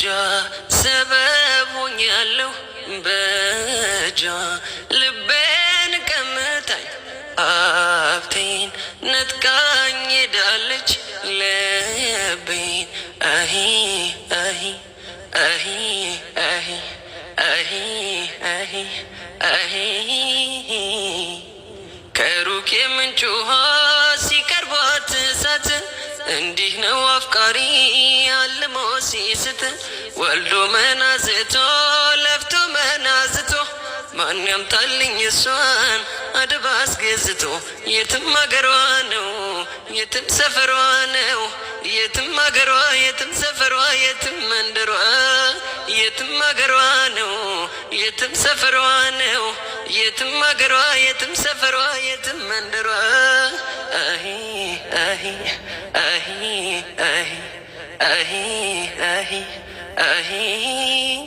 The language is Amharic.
እንጃ ሰበቦኛለሁ በጃ ልቤን ቀምታኝ ሀብቴን ነጥቃኝ ሄዳለች ልቤን አሂ አሂ አሂ አሂ አሂ አሂ አሂ ከሩቅ የምንጭ እንዲህ ነው አፍቃሪ አልሞ ሲስት ወልዶ መናዝቶ ለፍቶ መናዝቶ ማን ያምጣልኝ እሷን አድባስ አስገዝቶ የትም አገሯ ነው የትም ሰፈሯ ነው የትም አገሯ የትም ሰፈሯ የትም መንደሯ የትም አገሯ ነው የትም ሰፈሯ ነው የትም አገሯ የትም ሰፈሯ የትም መንደሯ ahi ahi ahi ahi ahi ahi